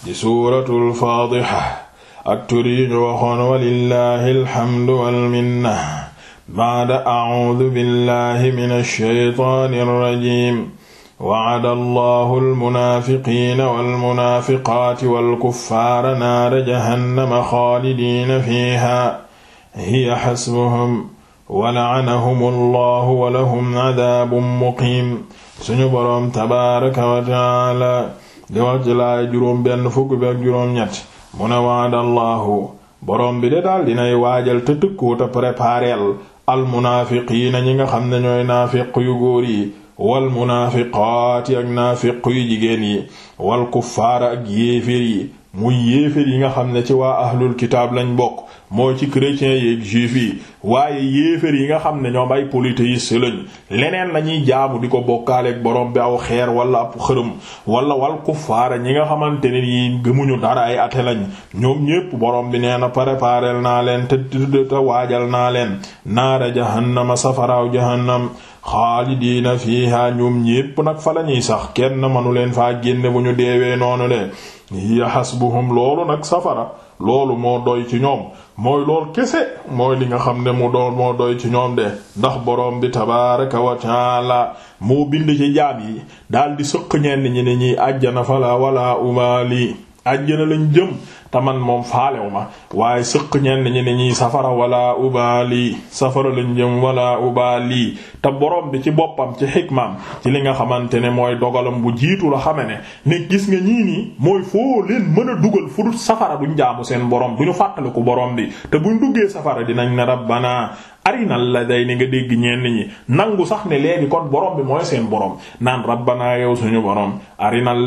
di suuratul faadiha ak tur yi ñu waxoon walillahi alhamdu walminna baada acuudu billahi min alshaytaani alrajim wacada allahu almunaafiqiina walmunaafiqaati walkuffaara naara jahannama xaalidiina fiiha hiya xasbuhum walaanahum allahu walahum cadaabun muqiim suñu boroom tabaaraka wa tacaala di wax ci laay juróom benn fukk bi ak juróom ñett mu ne waadallaahu borom bi de daal dinay waajal te tëkkoo te prépareel almunaafiqiina ñi nga xam ne ñooy naafiq yu góor yi wal munaafiqaati ak naafiq yu jigéen yi wal kuffaara ak yéefér yi muy yéeféer yi nga xam ne ci waa ahlul kitaab lañ bokk mooy ci chrétiens yeeg juifs yi waaye yéeféer yi nga xam ne ñoom ay polythéistes lañ leneen la ñuy jaamu di ko bokkaaleeg borom bi aw xeer wala ab xërëm wala wal kuffaara ñi nga xamante ne yi gëmuñu dara ay ate lañ ñoom ñépp borom bi nee na préparel naa leen te te waajal naa leen naara jahannama safaraaw jahannam xaalidiina fiiha ñoom ñépp nag fa la ñuy sax kenn mënu leen faa génne bu ñu deewee noonu de bu hasbuhum loolu nag safara loolu moo doy ci ñoom mooy lool kese mooy li nga xam ne mu doon moo doy ci ñoom de ndax boroom bi tabaaraka wa taala moo bind ci jaam yi daldi sëq ñenn ñi ne ñiy àjjana fala wala umaali àjjana lañ jëm taman moom faalew ma waaye sëq ñenn ñi ne ñuy safara wala ubaali safara lañ jëm wala lii te boroom bi ci boppam ci xikmaam ci li nga xamante ne mooy dogalam bu jiitu la xame ne ne gis nga ñii nii mooy foo leen mën a dugal fu dul safara duñ jaamu seen borom bu ñu fàttaliku boroom bi te buñ duggee safara dinañ ne rabbana arinal la day ni nga dégg ñenn ñi nangu sax ne léegi kon borom bi mooy seen borom naan rabbana yow suñu borom arinal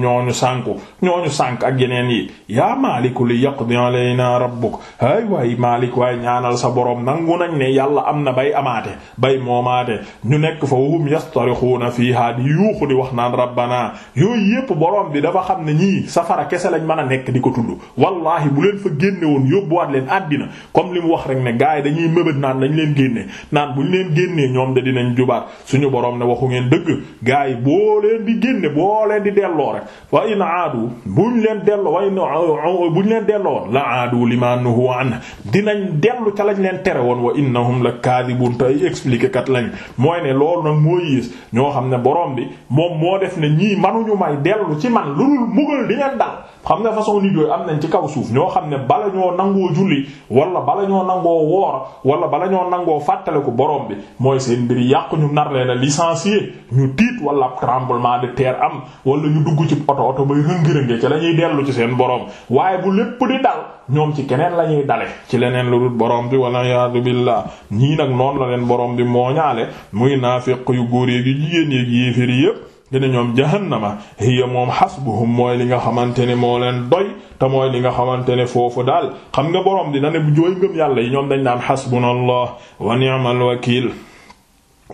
ñoom ñooñu sànku ñooñu sànk ak yeneen yi yaa maaliku li yaqdi alayna rabbuk ay waay maalik ñaanal sa borom nangu nañ ne yàlla am na bay amaate bay moomaate ñu nekk fa wahum yastarixuuna fiihaa di yuuxu di wax naan rabbana yooyu yépp borom bi dafa xam ne ñii safara kese lañ man a nekk di ko tudd wallahi bu leen fa génne woon yóbbuwaat leen àddina comme li mu wax rek ne gaa yi dañuy mëbët naan dañ leen génne naan bu ñu leen génnee ñoom de dinañ jubaat suñu borom ne waxu ngeen dëgg gaa yi boo leen boo leen di delloo rek wa in aadu buñ leen delloo wa bu ñu leen delloo la aadu lima nuhu an dinañ dellu ca lañ leen tere woon wa innahum la kaadibun te ay expliqué kat lañ mooy ne loolu nag moo yées ñoo xam ne boroom bi moom moo def ne ñii manuñu may dellu ci man lu dul mugal di leen dal xam nga façon nit yooyu am nañ ci kaw suuf ñoo xam ne bala ñoo nangoo julli wala bala ñoo nangoo woor wala bala ñoo nangoo fàttale ko boroom bi mooy seen mbir yàq ñu nar leen a licencier ñu tiit wala tremblement de ter am wala ñu dugg ci oto oto bay rëngi-rënge ci la ñuy dellu ci seen borom waaye bu lépp di dal ñoom ci keneen la ñuy dale ci leneen lu dul borom bi wala yaadu billah ñii nag noonu la leen borom bi mooñaale muy naafiq yu góor yi jigéen yi dina ñoom jahannama hiya moom hasbuhum mooy li nga xamante ne moo leen doy te mooy li nga xamante ne foofu daal xam nga borom dina ne bu jooy ngëm yàlla yi ñoom dañ naan hasbunallah wa ni'mal wakiil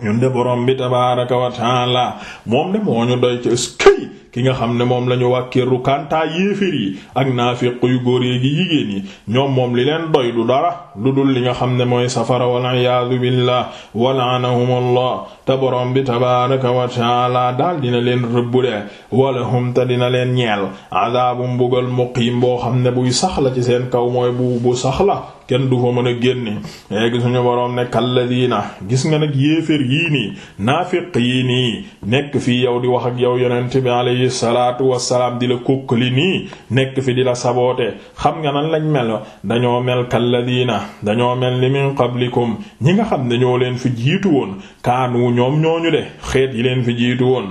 ñun de borom bi tabaaraka wa taala moom de moo ñu doy ci ki nga xam ne moom lañu ñu wàkkirlu kantaa yéefér yi ak naafiq yu góor gi jigéen yi ñoom moom li leen doy du dara lu dul li nga xam ne mooy safara wal iyaadu billah walaanahum allah te borom bi tabaraka wa taala daal dina leen rëbbulee walahum te dina leen ñeel adaabum mbugal muqiim boo xam ne buy saxla ci seen kaw mooy bu bu saxla kenn du fa mën a génne léegi suñu boroom ne kalladiina gis nga nag yéefér yii nii naafiq yii nii nekk fii yow di wax ak yow yonent bi alayhi salaatu wassalaam di la kókkali nii nekk fi di la saboote xam nga nan lañ mel dañoo mel kalladina dañoo mel ni min qablikum ñi nga xam ne ñoo leen fi jiitu woon kaanu ñoom ñooñu de xeet yi leen fi jiitu woon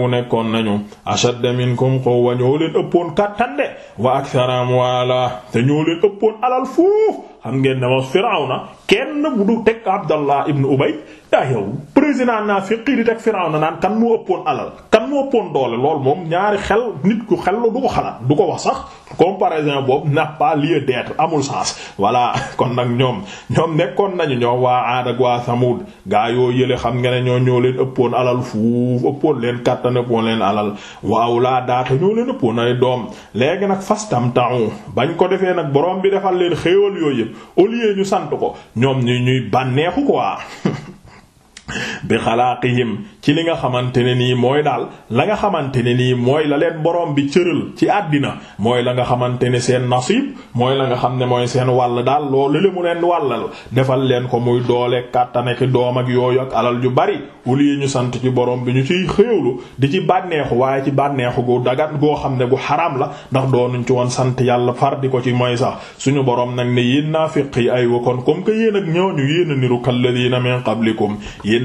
wu nekkoon nañu ashadda minkum quwwa ñoo leen ëppoon kàttan wa akthara amwaala te ñoo leen ëppoon alal fuuf xam ngeen ne moos Firawna kenn bu du teg Abdallah ibn Ubay yaa yow président naa fiqi di teg Firawna naan kan moo ëppoon alal kan moo ëppoon doole lool moom ñaari xel nit ku xel du ko xalaat du ko wax sax comparaison boobu n'a pas lieu d'être amul sens voilà kon nag ñoom ñoom nekkoon nañu ñoom waa Aad ak waa Samud gaa yoo yële xam nga ñoo ñoo leen ëppoon alal fuuf ëppoon leen kàttan ëppoon leen alal waaw laa daata ñoo leen ëppoon ay doom léegi nag fastam taxu bañ ko defee nag borom bi defal leen xéewal yooyu au lieu ñu sant ko ñoom ñu ñuy bànneexu quoi bi xalaaqihim ci li nga xamante ne nii mooy daal la nga xamante ne nii mooy la leen borom bi cëral ci àddina mooy la nga xamante ne seen nasib mooy la nga xam ne mooy seen wàll daal loolu le mu leen wàllal defal leen ko muy doole kàttana ak doom ak yooyu ak alal ju bari wul wuli ñu sant ci borom bi ñu ciy xéewlu di ci bànneexu waaye ci bànneexu gu dagat goo xam ne gu xaraam la ndax doonuñ ci woon sant yàlla far di ko ci mooy sax suñu borom nag ne yéen naafiq yi ay wa kon comme que yéen ak ñooñu a niru kalladina min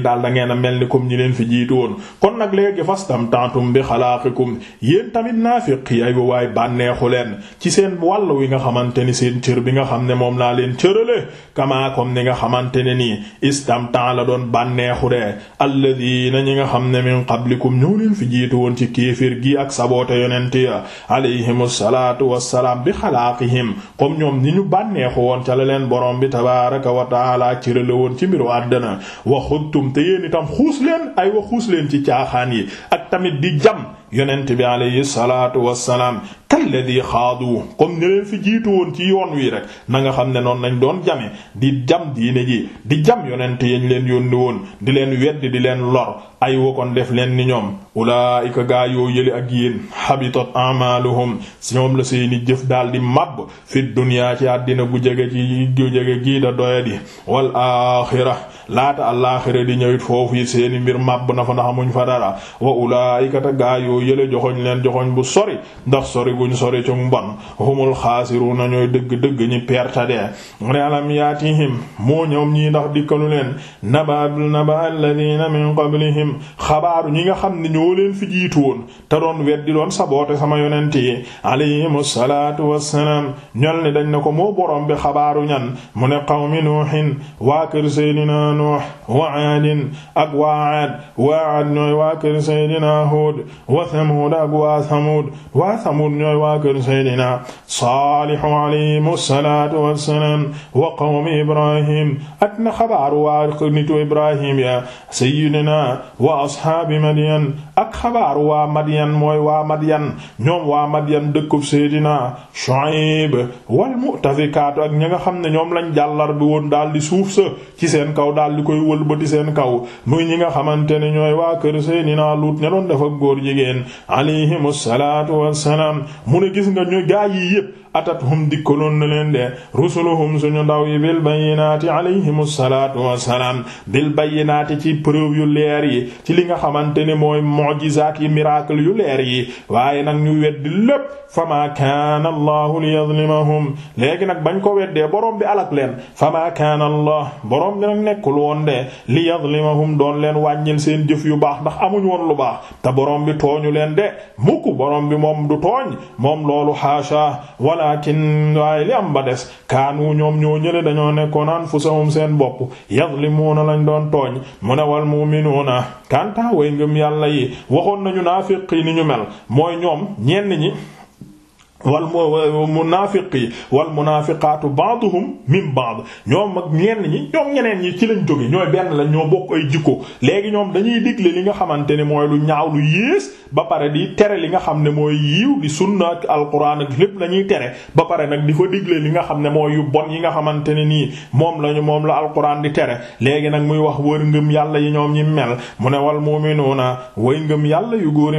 yéen daal da a mel ni comme ñi leen fi jiitu woon kon nag léegi fastamtantum bi xalaaqikum yéen tamit naafiq yi ay waaye bànneexu leen ci seen wàll wi nga xamante ni seen cër bi nga xam ne moom laa leen cërale kamaa ni nga xamante ne nii istamtan la doon bànneexu dee alladina ñi nga xam ne min qablikum ñoo leen fi jiitu woon ci kéeféer gii ak saboote yonent ya alayhim salaatu wassalaam bi xalaaqihim comme ñoom ni ñu bànneexu woon ca la leen borom bi tabaaraka wa taala cërale woon ci mbiru àddina xalaqtum te yéen itam xuus leen ay wa xuus leen ci caaxaan yi ak tamit di jam yonent bi alayhi salaatu wassalaam kalladi xaadu comme ni leen fi jiitu woon ci yoon wii rek na nga xam ne noonu nañ doon jame di jam diine ji di jam yonent yañ leen yónni woon di leen wedd di leen lor ay wokoon def leen ni ñoom ulaayika gaa yoo yële ak yéen habitat amaluhum si ñoom la seeni jëf daal di màbb fi duniyaa ci àddina gu jege ci gu jege gii da doyadi wal aaxira laata alaaxira di ñëwit foofu yi seeni mbir màbb na fa na xamuñ fa dara wa ulaayika gaa yoo yële joxoñ leen joxoñ bu sori ndax sori guñ sori ci mbon humul xaasiruna ñooy dëgg-dëgg ñi perte de mu ne alam yaatihim moo ñoom ñii ndax dikkalu leen naba naba alladina min qablihim xabaaru ñi nga xam ne ñoo leen fi jiitu woon te doon weddi doon saboote sama yonent yi alayhimu salaatu wassalaam ñol ni dañ ne ko moo borom bi xabaaru ñan mu ne qawmi nuuhin waa kër seydina nuuh wa aadin ak waa aad waa wa Samuud ak waa Samuud waa Samuud ñooy waa kër Seydina Saalih alayhi salaatu wassalaam wa qawmi Ibrahim ak na xabaaru waa nitu Ibrahim ya Seydina wa ashaabi Madyan ak xabaaru waa Madyan mooy waa Madyan ñoom waa Madyan dëkkub Seydina Shuayb wal mu'tafikaatu ak ña nga xam ne ñoom lañ jàllar bi woon daal di suuf sa ci seen kaw daal di koy wëlbati seen kaw muy ñi nga xamante ne ñooy waa kër Seydina Luut ne doon dafa góor jigéen leen alayhimu salaatu wassalaam mu ne gis nga ñu gaa yi yépp atathum dikkaloon na leen de rusuluhum suñu ndaw yi bil bayyinaati alayhimu salaatu wassalaam bil bayyinaati ci preuve yu leer yi ci li nga xamante ne mooy mu'jizaat yi miracle yu leer yi waaye nag ñu weddi lépp famaa kaana allahu liyadlimahum léegi nag bañ ko weddee borom bi alak leen famaa kaana allah borom bi nag nekkul woon de liyadlimahum doon leen wàññil seen jëf yu baax ndax amuñ woon lu baax te borom bi tooñu tooñu leen de mukk borom bi moom du tooñ moom loolu xaasha walakin waaye li am ba des kaanu ñoom ñoo ñële dañoo nekkoon anfusahum seen bopp yazlimuuna lañ doon tooñ mu ne wal mu'minuuna kanta way ngëm yàlla yi waxoon nañu naafiqi ni ñu mel mooy ñoom ñenn ñi wal munaafiqi wal munaafiqaatu ba'duhum min ba'd ñoom ak ñenn ñi ñoom ñeneen ñi ci lañ jóge ñooy benn lañ ñoo bokk ay jikko léegi ñoom dañuy digle li nga xamante ne mooy lu ñaaw lu yées ba pare di tere li nga xam ne mooy yiiw di sunna ak alquran ak lépp la ñuy tere ba pare nag di fa digle li nga xam ne mooy yu bon yi nga xamante ne nii moom lañu moom la alquran di tere léegi nag muy wax wër ngëm yàlla yi ñoom ñi mel mu ne wal mu'minuuna way ngëm yàlla yu góor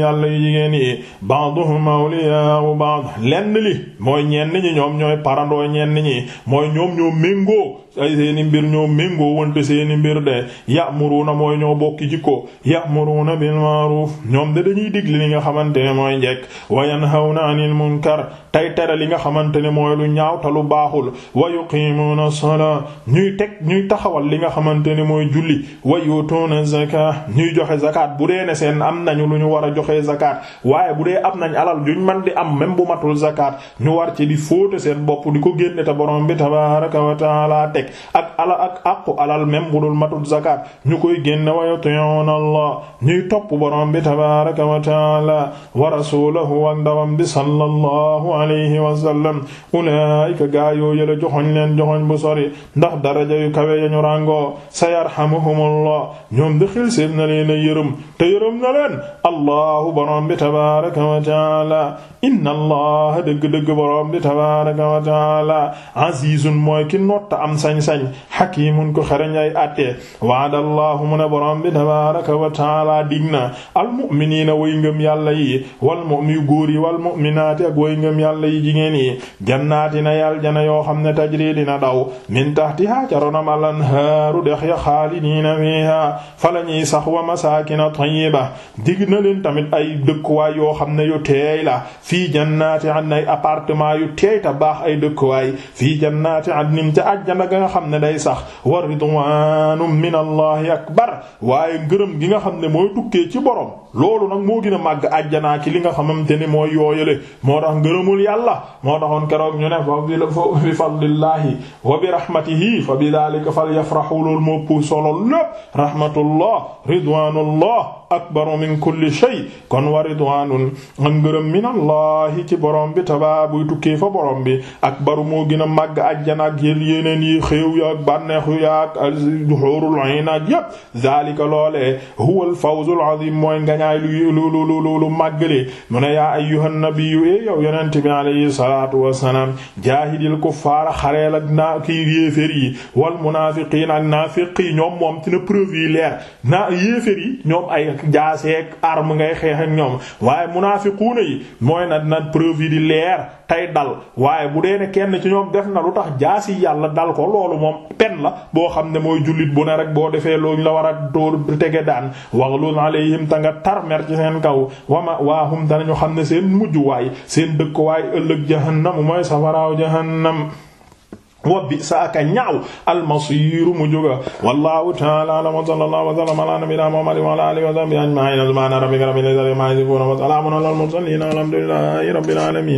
yàlla yu jigéen awliyaa'u ba'd lenn li mooy ñenn ñi ñoom ñooy parandoo ñenn ñi mooy ñoom ñoo méngoo ay seeni mbir ñoo méngoo wante seeni mbir de ya'muruna mooy ñoo bokki jikko ya'muruna bil ma'ruf ñoom de ñuy digle li nga xamante ne mooy njekk wa yanhawna 'anil munkar tey tere li nga xamante ne mooy lu ñaaw te lu baaxul wa yuqimuna as-salaa ñuy teg ñuy taxawal li nga xamante ne mooy julli wa yutuuna zakat ñuy joxe zakat bu dee ne seen am nañu lu ñu war a joxe zakat waaye bu dee am nañ alal juñ man di am même bu matul zakat ñu war ci di fo seen bopp ko génne teg ak ala ak alal même bu dul matul zakat ñu koy génne wa yuti'una allah ñuy topp borom bi tabaraka wa taala wa rasulahu ak ndawam bi sallallahu alayhi wa sallam ulaika gaa yoo yëla joxoñ leen joxoñ bu sori ndax daraja yu kawe yañu ràngoo sa yarhamuhumullah ñoom di xil séef na leen a yërëm te yërëm na leen allahu borom bi tabaraka wa taala inna allah dëgg-dëgg borom bi tabaraka wa taala azizun mooy ki notta am sañ-sañ hakiimun ko xarañ ay àtte waadallahu mu ne borom bi tabaaraka wa taala dig na almu'miniina way ngëm yàlla yi wal mu'min yu góor yi wal mu'minaati ak way ngëm yàlla yi jigéen yi jannaati na yàlla jana yoo xam ne tajri dina daw min tahtihaa ca ronam al anhaaru dex ya xaalidiina fiihaa fa la ñuy sax wa masaakina tayyiba dig na leen tamit ay dëkkuwaay yoo xam ne yu teey la fii jannaati an ay appartement yu teey ta baax ay dëkkuwaay fii jannaati an ca àjjana nga xam ne day sax wa ridwaanum minallahi akbar waaye ngërëm gi nga xam ne mooy tukkee ci borom loolu nag moo gën a màgg àjjanaa ci li nga xamante ni mooy yooyale moo tax ngërëmul yàlla moo taxoon keroog ñu ne a bi fadlillahi wa bi rahmatihi fa bi daalika falyafrahu loolu moo ëpp solo lépp rahmatullah ridwanullah akbaru min kulli shay kon wa ridwanun am ngërëm min allahi ci borom bi tabaa buy tukki fa borom bi akbaru moo gën a màgg àjjana ak yéen yeneen yi xéew ya ak bànneexu ya ak xuurul ayna yépp zalika loolee huwa al fawzul azim mooy nga ngañaay lu lu lu lu lu màggalee mu ne yaa ayyuhan nabiyyu e yow yonent bi alayhi salaatu wassalaam jaahidil kuffaara xareel ak naa kii yéefér yi wal munaafiqiin ak naafiq yi ñoom moom ci na preuve yi leer naa yéefér yi ñoom ay jaaseek arme ngay xeex ak ñoom waaye munaafiquuna yi mooy na na preuve yi di leer tey dal waaye bu dee ne kenn ci ñoom def na lu tax jaasi yàlla dal ko loolu moom pen la boo xam ne mooy jullit bu ne rek boo defee looñ la war a dóor tege tar mer ci seen kaw wama waahum danañu xam ne seen mujj waay seen dëkk waay ëllëg jahannamu mooy safaraaw jahannam wa bi saaka ñaaw almasiru mu jóga wallahu ta'ala a'lam wa sallallahu wa sallama ala nabiyyina muhammadin wa ala alihi wa sahbihi ajma'in subhana rabbika rabbil izzati amma yasifun wa salamun ala al mursalin alhamdulillahi rabbil alamin